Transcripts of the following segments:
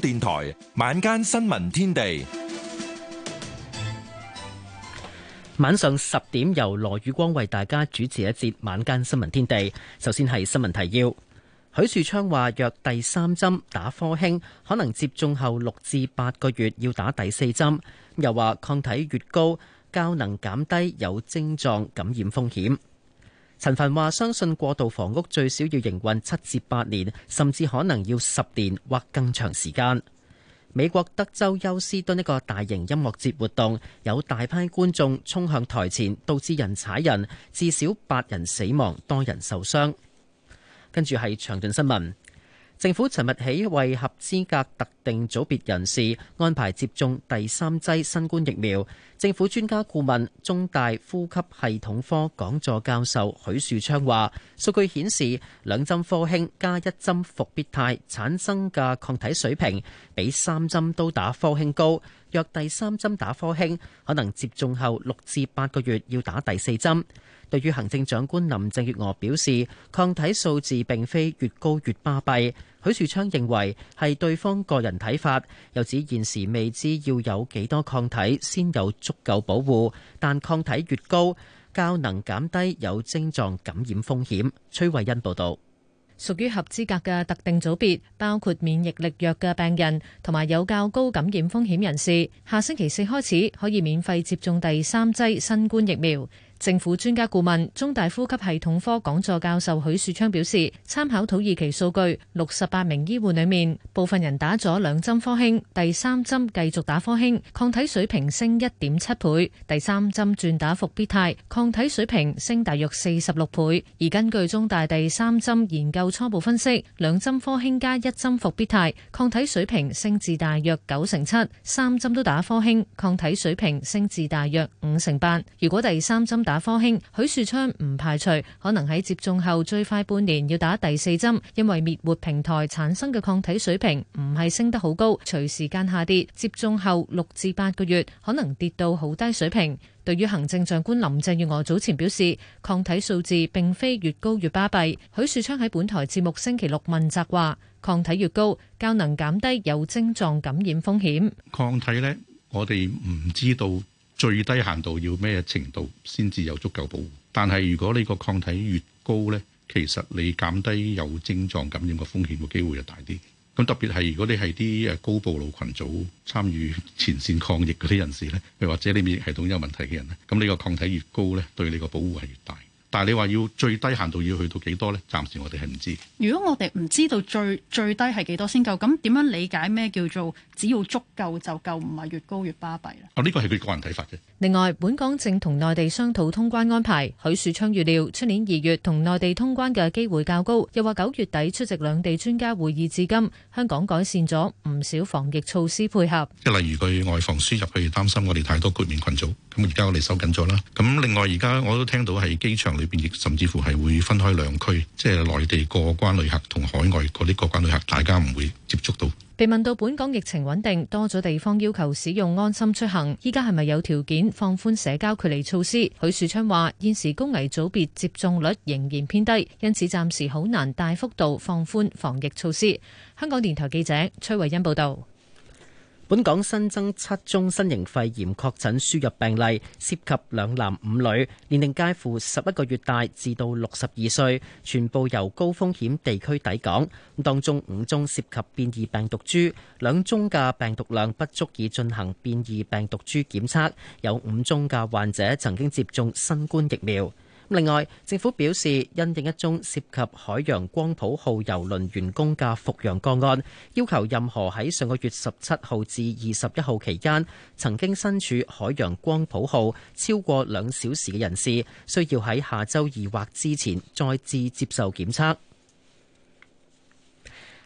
電台晚間新聞天地，晚上十點由羅宇光為大家主持一節晚間新聞天地。首先係新聞提要，許樹昌話若第三針打科興，可能接種後六至八個月要打第四針，又話抗體越高，較能減低有症狀感染風險。陳帆話：相信過渡房屋最少要營運七至八年，甚至可能要十年或更長時間。美國德州休斯敦一個大型音樂節活動，有大批觀眾衝向台前，導致人踩人，至少八人死亡，多人受傷。跟住係詳盡新聞：政府尋日起為合資格特定組別人士安排接種第三劑新冠疫苗。政府專家顧問、中大呼吸系統科講座教授許樹昌話，數據顯示，兩針科興加一針復必泰產生嘅抗體水平比三針都打科興高。若第三針打科興，可能接種後六至八個月要打第四針。對於行政長官林鄭月娥表示，抗體數字並非越高越巴閉。許樹昌認為係對方個人睇法，又指現時未知要有幾多抗體先有足夠保護，但抗體越高，較能減低有症狀感染風險。崔慧欣報道。屬於合資格嘅特定組別包括免疫力弱嘅病人同埋有較高感染風險人士，下星期四開始可以免費接種第三劑新冠疫苗。政府專家顧問、中大呼吸系統科講座教授許樹昌表示，參考土耳其數據，六十八名醫護裡面，部分人打咗兩針科興，第三針繼續打科興，抗體水平升一點七倍；第三針轉打復必泰，抗體水平升大約四十六倍。而根據中大第三針研究初步分析，兩針科興加一針復必泰，抗體水平升至大約九成七；三針都打科興，抗體水平升至大約五成八。如果第三針，打科興，許樹昌唔排除可能喺接種後最快半年要打第四針，因為滅活平台產生嘅抗體水平唔係升得好高，隨時間下跌，接種後六至八個月可能跌到好低水平。對於行政長官林鄭月娥早前表示，抗體數字並非越高越巴閉。許樹昌喺本台節目星期六問責話，抗體越高，較能減低有症狀感染風險。抗體呢，我哋唔知道。最低限度要咩程度先至有足夠保護，但係如果你個抗體越高咧，其實你減低有症狀感染嘅風險嘅機會就大啲。咁特別係如果你係啲誒高暴露群組參與前線抗疫嗰啲人士咧，又或者你免疫系統有問題嘅人咧，咁呢個抗體越高咧，對你個保護係越大。但係你話要最低限度要去到幾多呢？暫時我哋係唔知。如果我哋唔知道最最低係幾多先夠，咁點樣理解咩叫做只要足夠就夠？唔係越高越巴閉呢？啊、哦，呢個係佢個人睇法嘅。另外，本港正同內地商討通關安排。許樹昌預料，出年二月同內地通關嘅機會較高。又話九月底出席兩地專家會議至今，香港改善咗唔少防疫措施配合。例如佢外防輸入，去，擔心我哋太多豁免群組。咁而家我哋收緊咗啦。咁另外而家我都聽到係機場。裏邊亦甚至乎係會分開兩區，即係內地過關旅客同海外嗰啲過關旅客，大家唔會接觸到。被問到本港疫情穩定，多咗地方要求使用安心出行，依家係咪有條件放寬社交距離措施？許樹昌話：現時高危組別接種率仍然偏低，因此暫時好難大幅度放寬防疫措施。香港電台記者崔慧欣報道。本港新增七宗新型肺炎確診輸入病例，涉及兩男五女，年齡介乎十一個月大至到六十二歲，全部由高風險地區抵港。當中五宗涉及變異病毒株，兩宗嘅病毒量不足以進行變異病毒株檢測。有五宗嘅患者曾經接種新冠疫苗。另外，政府表示，因應一宗涉及海洋光譜號郵輪員工嘅復陽個案，要求任何喺上個月十七號至二十一號期間曾經身處海洋光譜號超過兩小時嘅人士，需要喺下周二或之前再次接受檢測。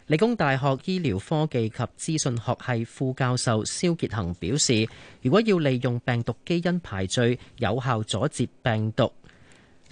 理工大學醫療科技及資訊學系副教授蕭傑恆表示，如果要利用病毒基因排序，有效阻截病毒。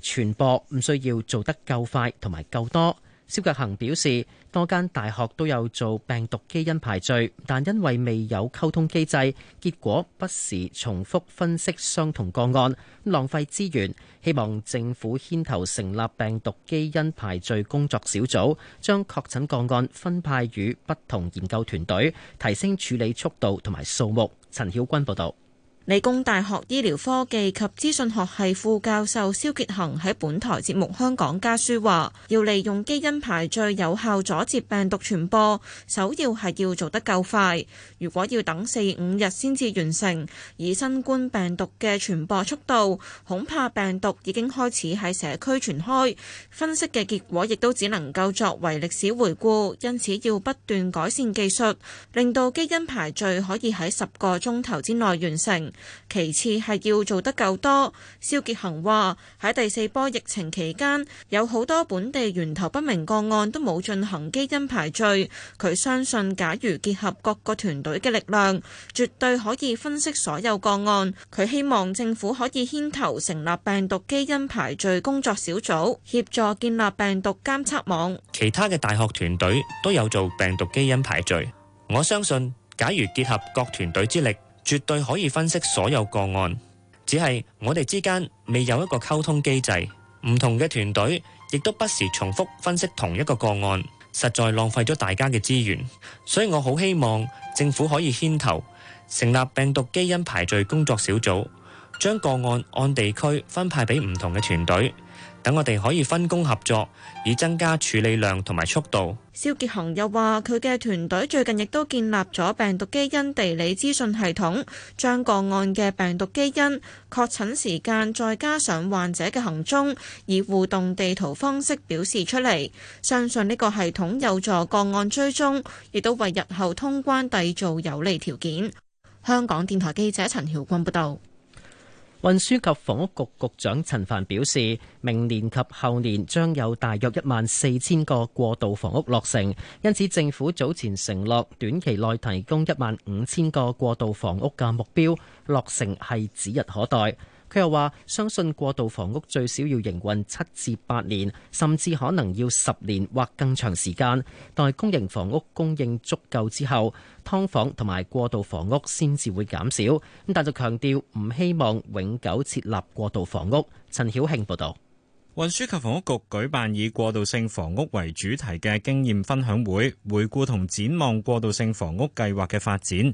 傳播唔需要做得夠快同埋夠多。蕭傑恒表示，多間大學都有做病毒基因排序，但因為未有溝通機制，結果不時重複分析相同個案，浪費資源。希望政府牽頭成立病毒基因排序工作小組，將確診個案分派予不同研究團隊，提升處理速度同埋數目。陳曉君報導。理工大學醫療科技及資訊學系副教授蕭傑恒喺本台節目《香港家書》話，要利用基因排序有效阻截病毒傳播，首要係要做得夠快。如果要等四五日先至完成，以新冠病毒嘅傳播速度，恐怕病毒已經開始喺社區傳開，分析嘅結果亦都只能夠作為歷史回顧，因此要不斷改善技術，令到基因排序可以喺十個鐘頭之內完成。其次係要做得夠多。蕭杰恒話喺第四波疫情期間，有好多本地源頭不明個案都冇進行基因排序。佢相信，假如結合各個團隊嘅力量，絕對可以分析所有個案。佢希望政府可以牽頭成立病毒基因排序工作小組，協助建立病毒監測網。其他嘅大學團隊都有做病毒基因排序。我相信，假如結合各團隊之力。絕對可以分析所有個案，只係我哋之間未有一個溝通機制，唔同嘅團隊亦都不時重複分析同一個個案，實在浪費咗大家嘅資源。所以我好希望政府可以牽頭，成立病毒基因排序工作小組，將個案按地區分派畀唔同嘅團隊。等我哋可以分工合作，以增加處理量同埋速度。肖傑雄又話，佢嘅團隊最近亦都建立咗病毒基因地理資訊系統，將個案嘅病毒基因、確診時間再加上患者嘅行蹤，以互動地圖方式表示出嚟。相信呢個系統有助個案追蹤，亦都為日後通關締造有利條件。香港電台記者陳曉君報道。運輸及房屋局局長陳帆表示，明年及後年將有大約一萬四千個過渡房屋落成，因此政府早前承諾短期內提供一萬五千個過渡房屋嘅目標，落成係指日可待。佢又話：相信過渡房屋最少要營運七至八年，甚至可能要十年或更長時間。待公營房屋供應足夠之後，劏房同埋過渡房屋先至會減少。但就強調唔希望永久設立過渡房屋。陳曉慶報導，運輸及房屋局舉辦以過渡性房屋為主題嘅經驗分享會，回顧同展望過渡性房屋計劃嘅發展。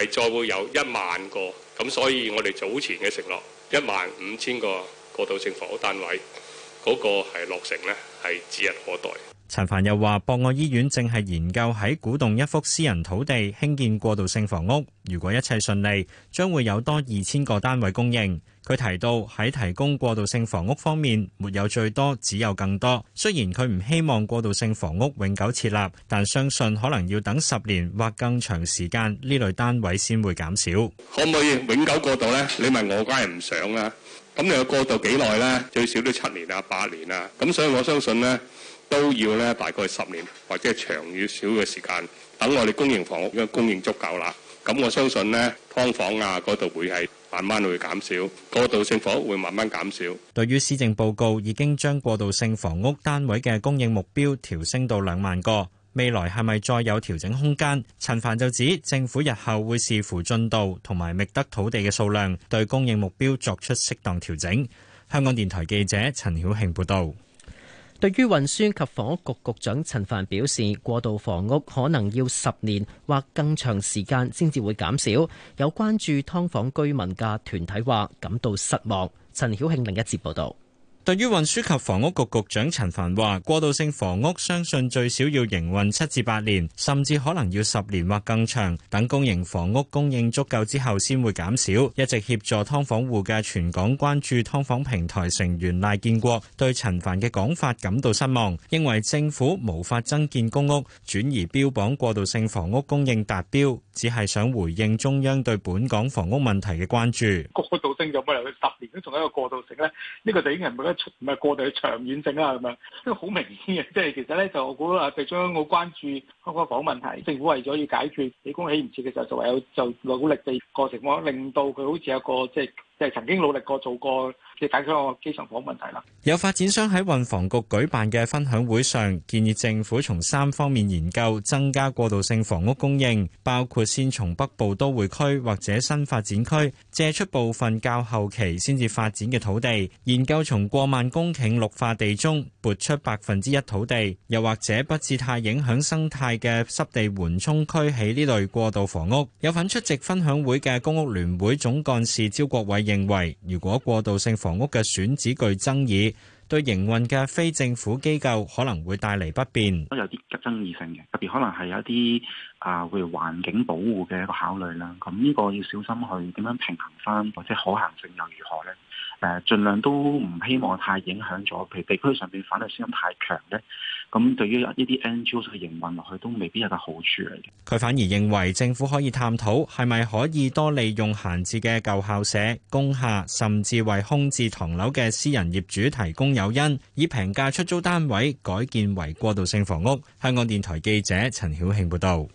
係再會有一萬個，咁所以我哋早前嘅承諾一萬五千個過渡性房屋單位，嗰個係落成呢係指日可待。陳帆又話：博愛醫院正係研究喺古洞一幅私人土地興建過渡性房屋，如果一切順利，將會有多二千個單位供應。佢提到喺提供過渡性房屋方面，沒有最多，只有更多。雖然佢唔希望過渡性房屋永久設立，但相信可能要等十年或更長時間，呢類單位先會減少。可唔可以永久過渡呢？你問我，梗係唔想啦。咁你要過渡幾耐呢？最少都七年啊，八年啊。咁所以我相信呢，都要呢大概十年或者長與少嘅時間，等我哋公營房屋嘅供應足夠啦。咁我相信呢，劏房啊嗰度會係。慢慢會減少，過渡性房屋會慢慢減少。對於施政報告已經將過渡性房屋單位嘅供應目標調升到兩萬個，未來係咪再有調整空間？陳凡就指政府日後會視乎進度同埋覓得土地嘅數量，對供應目標作出適當調整。香港電台記者陳曉慶報道。對於運輸及房屋局局長陳帆表示，過渡房屋可能要十年或更長時間先至會減少。有關注劏房居民嘅團體話感到失望。陳曉慶另一節報導。對於運輸及房屋局局長陳帆話：過渡性房屋相信最少要營運七至八年，甚至可能要十年或更長，等公營房屋供應足夠之後先會減少。一直協助劏房戶嘅全港關注劏房平台成員賴建國對陳帆嘅講法感到失望，認為政府無法增建公屋，轉而標榜過渡性房屋供應達標，只係想回應中央對本港房屋問題嘅關注。過渡性有冇理由去到十年都仲係一個過渡性呢？呢個就已經係每一個。唔係過度嘅長遠性啦，咁樣都好明顯嘅。即係其實咧，就我估啊，最將好關注香港房問題，政府為咗要解決起公屋起唔切嘅時候，就唯有就努力地過程，方令到佢好似有個即係。就係曾經努力過做過，即係解決個基層房屋問題啦。有發展商喺運房局舉辦嘅分享會上，建議政府從三方面研究增加過渡性房屋供應，包括先從北部都會區或者新發展區借出部分較後期先至發展嘅土地，研究從過萬公頃綠化地中撥出百分之一土地，又或者不至太影響生態嘅濕地緩衝區起呢類過渡房屋。有份出席分享會嘅公屋聯會總幹事招國偉認為如果過渡性房屋嘅選址具爭議，對營運嘅非政府機構可能會帶嚟不便，都有啲爭議性嘅，特別可能係有一啲啊，會環境保護嘅一個考慮啦。咁呢個要小心去點樣平衡翻，或者可行性又如何呢？誒，盡量都唔希望太影響咗，譬如地區上邊反對聲音太強呢。咁對於一啲 NGO 去營運落去都未必有個好處嚟嘅。佢反而認為政府可以探討係咪可以多利用閒置嘅舊校舍、公廈，甚至為空置唐樓嘅私人業主提供誘因，以平價出租單位改建為過渡性房屋。香港電台記者陳曉慶報導。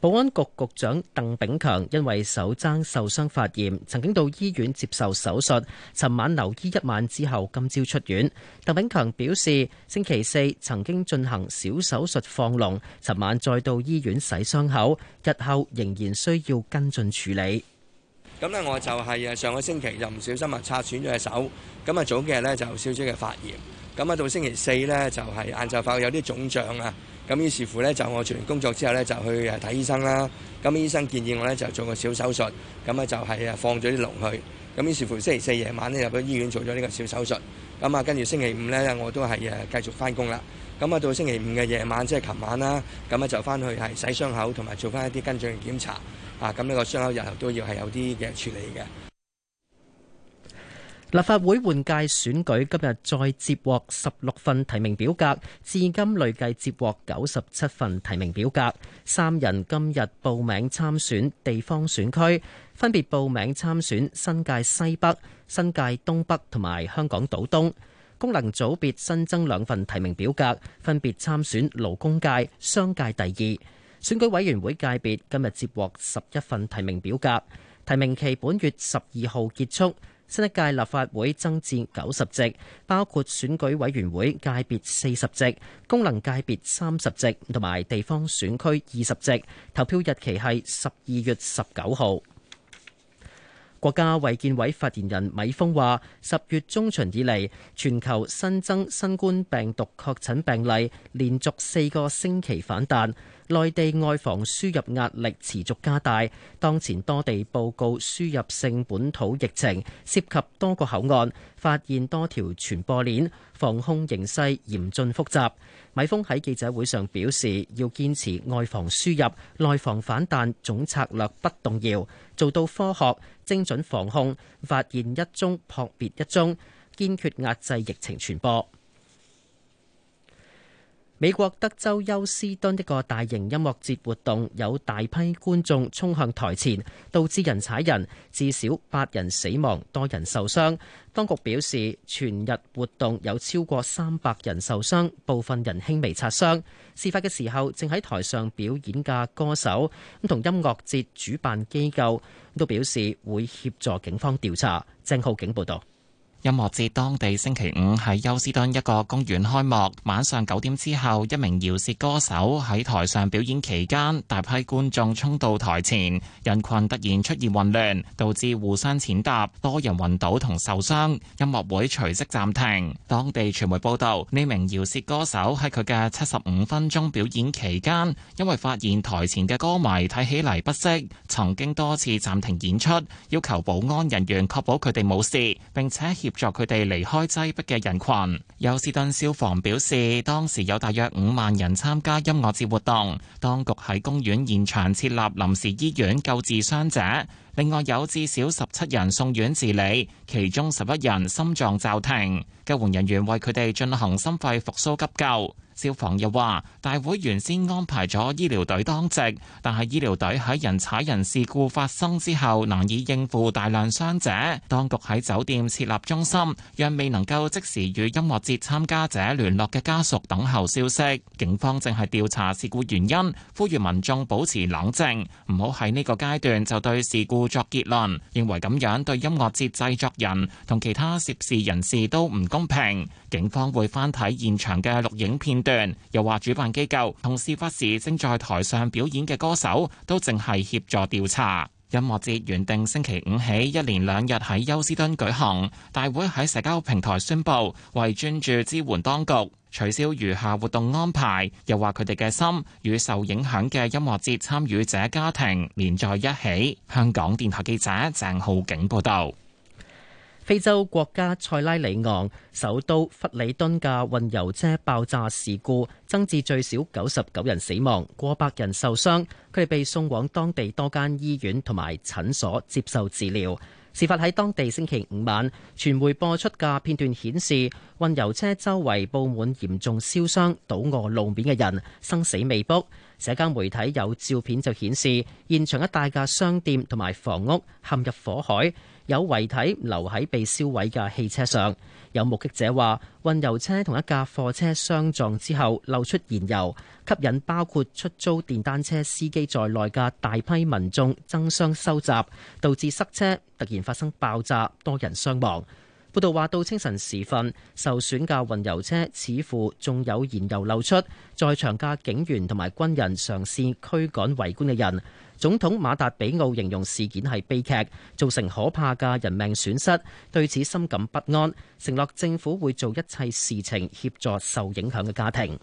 保安局局長鄧炳強因為手踭受傷發炎，曾經到醫院接受手術，尋晚留醫一晚之後今朝出院。鄧炳強表示，星期四曾經進行小手術放膿，尋晚再到醫院洗傷口，日後仍然需要跟進處理。咁咧，我就係啊上個星期就唔小心啊拆穿咗隻手，咁啊早幾日咧就有少少嘅發炎，咁啊到星期四咧就係晏晝發覺有啲腫脹啊。咁於是乎咧，就我做完工作之後咧，就去誒睇醫生啦。咁醫生建議我咧就做個小手術，咁啊就係誒放咗啲籠去。咁於是乎星期四夜晚咧入咗醫院做咗呢個小手術。咁啊跟住星期五咧我都係誒繼續翻工啦。咁啊到星期五嘅夜晚即係琴晚啦，咁啊就翻去係洗傷口同埋做翻一啲跟進嘅檢查。啊咁呢個傷口日後都要係有啲嘅處理嘅。立法會換屆選舉今日再接獲十六份提名表格，至今累計接獲九十七份提名表格。三人今日報名參選地方選區，分別報名參選新界西北、新界東北同埋香港島東。功能組別新增兩份提名表格，分別參選勞工界、商界第二。選舉委員會界別今日接獲十一份提名表格，提名期本月十二號結束。新一屆立法會增至九十席，包括選舉委員會界別四十席、功能界別三十席，同埋地方選區二十席。投票日期係十二月十九號。國家衛健委發言人米鋒話：十月中旬以嚟，全球新增新冠病毒確診病例連續四個星期反彈。內地外防輸入壓力持續加大，當前多地報告輸入性本土疫情，涉及多個口岸，發現多條傳播鏈，防控形勢嚴峻複雜。米峰喺記者會上表示，要堅持外防輸入、內防反彈總策略不動搖，做到科學、精準防控，發現一宗撲滅一宗，堅決壓制疫情傳播。美國德州休斯敦一個大型音樂節活動有大批觀眾衝向台前，導致人踩人，至少八人死亡，多人受傷。當局表示，全日活動有超過三百人受傷，部分人輕微擦傷。事發嘅時候正喺台上表演嘅歌手，咁同音樂節主辦機構都表示會協助警方調查。鄭浩景報道。音樂節當地星期五喺休斯敦一個公園開幕，晚上九點之後，一名饒舌歌手喺台上表演期間，大批觀眾衝到台前，人群突然出現混亂，導致互相踐踏，多人暈倒同受傷，音樂會隨即暫停。當地傳媒報道，呢名饒舌歌手喺佢嘅七十五分鐘表演期間，因為發現台前嘅歌迷睇起嚟不適，曾經多次暫停演出，要求保安人員確保佢哋冇事，並且協。助佢哋離開擠迫嘅人群，休斯頓消防表示，當時有大約五萬人參加音樂節活動，當局喺公園現場設立臨時醫院救治傷者。另外有至少十七人送院治理，其中十一人心臟驟停，救援人員為佢哋進行心肺復蘇急救。消防又話，大會原先安排咗醫療隊當值，但係醫療隊喺人踩人事故發生之後難以應付大量傷者。當局喺酒店設立中心，讓未能夠即時與音樂節參加者聯絡嘅家屬等候消息。警方正係調查事故原因，呼籲民眾保持冷靜，唔好喺呢個階段就對事故作結論，認為咁樣對音樂節製作人同其他涉事人士都唔公平。警方會翻睇現場嘅錄影片段，又話主辦機構同事發時正在台上表演嘅歌手都淨係協助調查。音樂節原定星期五起一連兩日喺休斯敦舉行，大會喺社交平台宣布，為專注支援當局，取消餘下活動安排，又話佢哋嘅心與受影響嘅音樂節參與者家庭連在一起。香港電台記者鄭浩景報道。非洲國家塞拉利昂首都弗里敦嘅運油車爆炸事故，增至最少九十九人死亡，過百人受傷，佢哋被送往當地多間醫院同埋診所接受治療。事發喺當地星期五晚，傳媒播出嘅片段顯示，運油車周圍布滿嚴重燒傷、倒卧路面嘅人，生死未卜。社交媒體有照片就顯示，現場一大架商店同埋房屋陷入火海。有遺體留喺被燒毀嘅汽車上，有目擊者話，運油車同一架貨車相撞之後，漏出燃油，吸引包括出租電單車司機在內嘅大批民眾爭相收集，導致塞車，突然發生爆炸，多人傷亡。報道話，到清晨時分，受損嘅運油車似乎仲有燃油漏出，在場嘅警員同埋軍人嘗試驅趕圍觀嘅人。總統馬達比奧形容事件係悲劇，造成可怕嘅人命損失，對此深感不安，承諾政府會做一切事情協助受影響嘅家庭。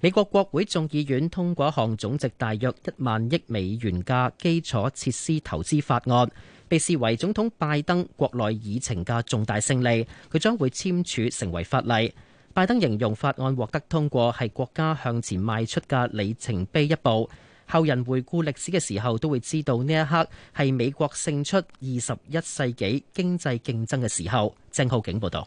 美國國會眾議院通過一項總值大約一萬億美元嘅基礎設施投資法案，被視為總統拜登國內議程嘅重大勝利。佢將會簽署成為法例。拜登形容法案獲得通過係國家向前邁出嘅里程碑一步。後人回顧歷史嘅時候，都會知道呢一刻係美國勝出二十一世紀經濟競爭嘅時候。正浩景報道。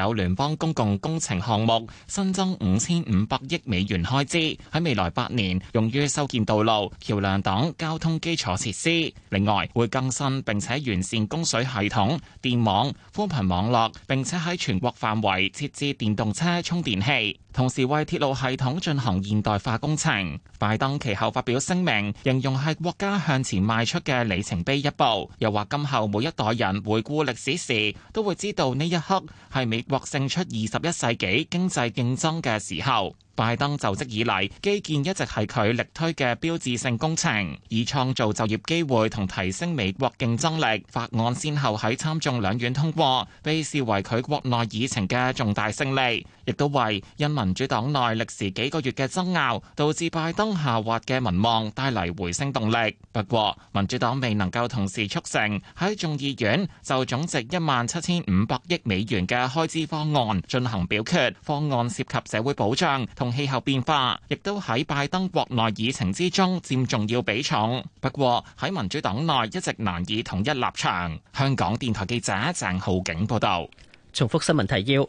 有聯邦公共工程項目新增五千五百億美元開支，喺未來八年用於修建道路、橋梁等交通基礎設施。另外，會更新並且完善供水系統、電網、寬頻網絡，並且喺全國範圍設置電動車充電器。同時為鐵路系統進行現代化工程。拜登其後發表聲明，形容係國家向前邁出嘅里程碑一步，又話今後每一代人回顧歷史時，都會知道呢一刻係美國勝出二十一世紀經濟競爭嘅時候。拜登就職以嚟，基建一直係佢力推嘅標誌性工程，以創造就業機會同提升美國競爭力。法案先後喺參眾兩院通過，被視為佢國內議程嘅重大勝利，亦都為因民主黨內歷時幾個月嘅爭拗，導致拜登下滑嘅民望帶嚟回升動力。不過，民主黨未能夠同時促成喺眾議院就總值一萬七千五百億美元嘅開支方案進行表決，方案涉及社會保障。同氣候變化亦都喺拜登國內議程之中佔重要比重，不過喺民主黨內一直難以統一立場，香港電台記者鄭浩景報道。重複新聞提要，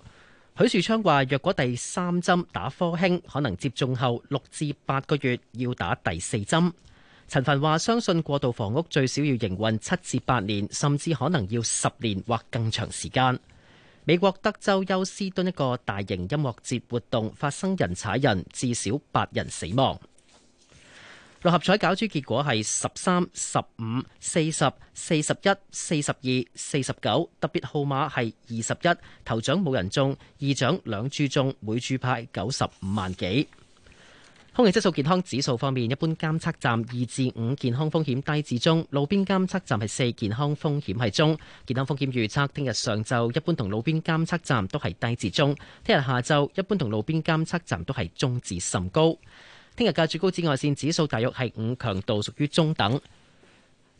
許樹昌話若果第三針打科興可能接種後六至八個月要打第四針，陳凡話相信過渡房屋最少要營運七至八年，甚至可能要十年或更長時間。美國德州休斯敦一個大型音樂節活動發生人踩人，至少八人死亡。六合彩攪珠結果係十三、十五、四十、四十一、四十二、四十九，特別號碼係二十一。頭獎冇人中，二獎兩注中，每注派九十五萬幾。空氣質素健康指數方面，一般監測站二至五，健康風險低至中；路邊監測站係四，健康風險係中。健康風險預測聽日上晝一般同路邊監測站都係低至中，聽日下晝一般同路邊監測站都係中至甚高。聽日嘅最高紫外線指數大約係五，強度屬於中等。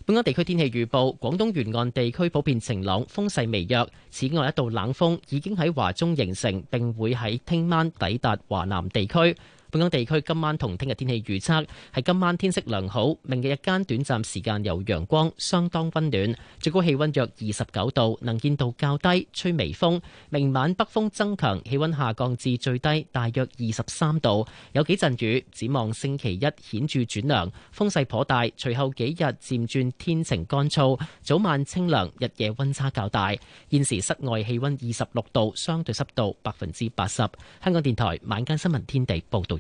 本港地區天氣預報：廣東沿岸地區普遍晴朗，風勢微弱。此外，一道冷鋒已經喺華中形成，並會喺聽晚抵達華南地區。本港地區今晚同聽日天氣預測係：今晚天色良好，明日日間短暫時間有陽光，相當溫暖，最高氣溫約二十九度，能見度較低，吹微風。明晚北風增強，氣溫下降至最低大約二十三度，有幾陣雨。展望星期一顯著轉涼，風勢頗大。隨後幾日漸轉天晴乾燥，早晚清涼，日夜溫差較大。現時室外氣溫二十六度，相對濕度百分之八十。香港電台晚間新聞天地報道。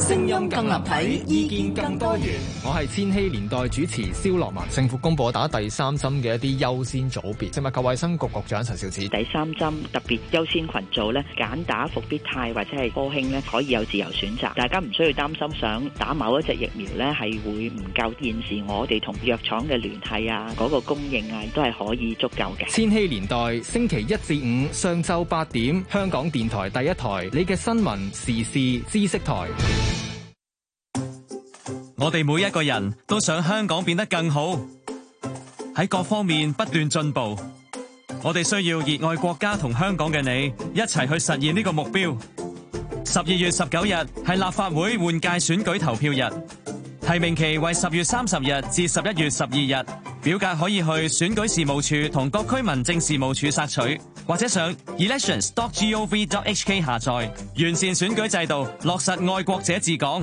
聲音更立體，意見更多元。我係千禧年代主持蕭樂文。政府公布打第三針嘅一啲優先組別，食物及衛生局局長陳肇始，第三針特別優先群組咧，揀打伏必泰或者係科興咧，可以有自由選擇。大家唔需要擔心，想打某一隻疫苗咧，係會唔夠。現時我哋同藥廠嘅聯繫啊，嗰個供應啊，都係可以足夠嘅。千禧年代星期一至五上晝八點，香港電台第一台，你嘅新聞時事知識台。我哋每一個人都想香港變得更好，喺各方面不斷進步。我哋需要熱愛國家同香港嘅你一齊去實現呢個目標。十二月十九日係立法會換屆選舉投票日，提名期為十月三十日至十一月十二日。表格可以去選舉事務處同各區民政事務處索取，或者上 elections.gov.hk 下載。完善選舉制度，落實愛國者治港。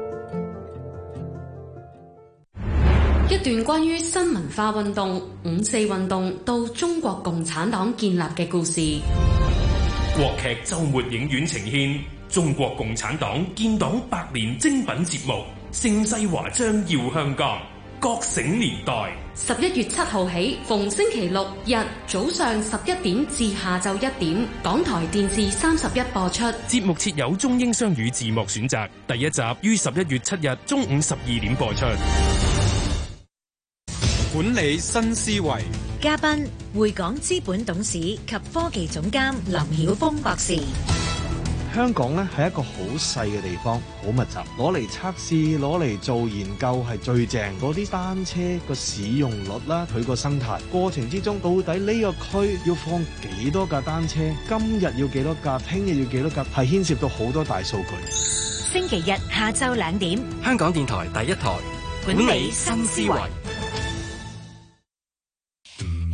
一段關於新文化運動、五四運動到中國共產黨建立嘅故事。國劇周末影院呈現《中國共產黨建黨百年精品節目盛世華章耀香港覺醒年代》。十一月七號起，逢星期六日早上十一點至下晝一點，港台電視三十一播出。節目設有中英雙語字幕選擇。第一集於十一月七日中午十二點播出。管理新思維，嘉賓匯港資本董事及科技總監林曉峰博士。香港咧係一個好細嘅地方，好密集，攞嚟測試，攞嚟做研究係最正。嗰啲單車個使用率啦，佢個生態過程之中，到底呢個區要放幾多架單車？今日要幾多架？聽日要幾多架？係牽涉到好多大數據。星期日下晝兩點，香港電台第一台管理新思維。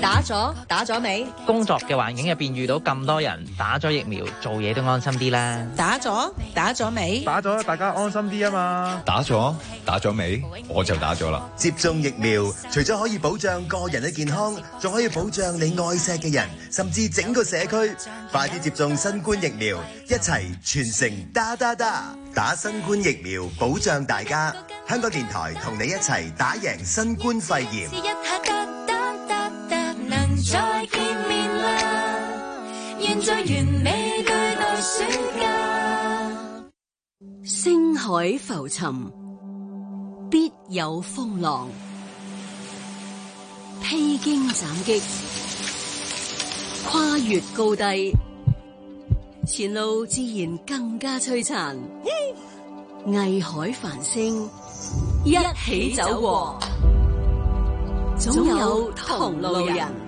打咗打咗未？工作嘅環境入邊遇到咁多人打咗疫苗，做嘢都安心啲啦。打咗打咗未？打咗大家安心啲啊嘛！打咗打咗未？我就打咗啦。接種疫苗，除咗可以保障個人嘅健康，仲可以保障你愛錫嘅人，甚至整個社區。快啲接種新冠疫苗，一齊全城打打打！打新冠疫苗，保障大家。香港電台同你一齊打贏新冠肺炎。再見面喇，現在完美對待暑假。星海浮沉，必有風浪；披荊斬棘，跨越高低，前路自然更加璀璨。藝海繁星，一起走過，總有同路人。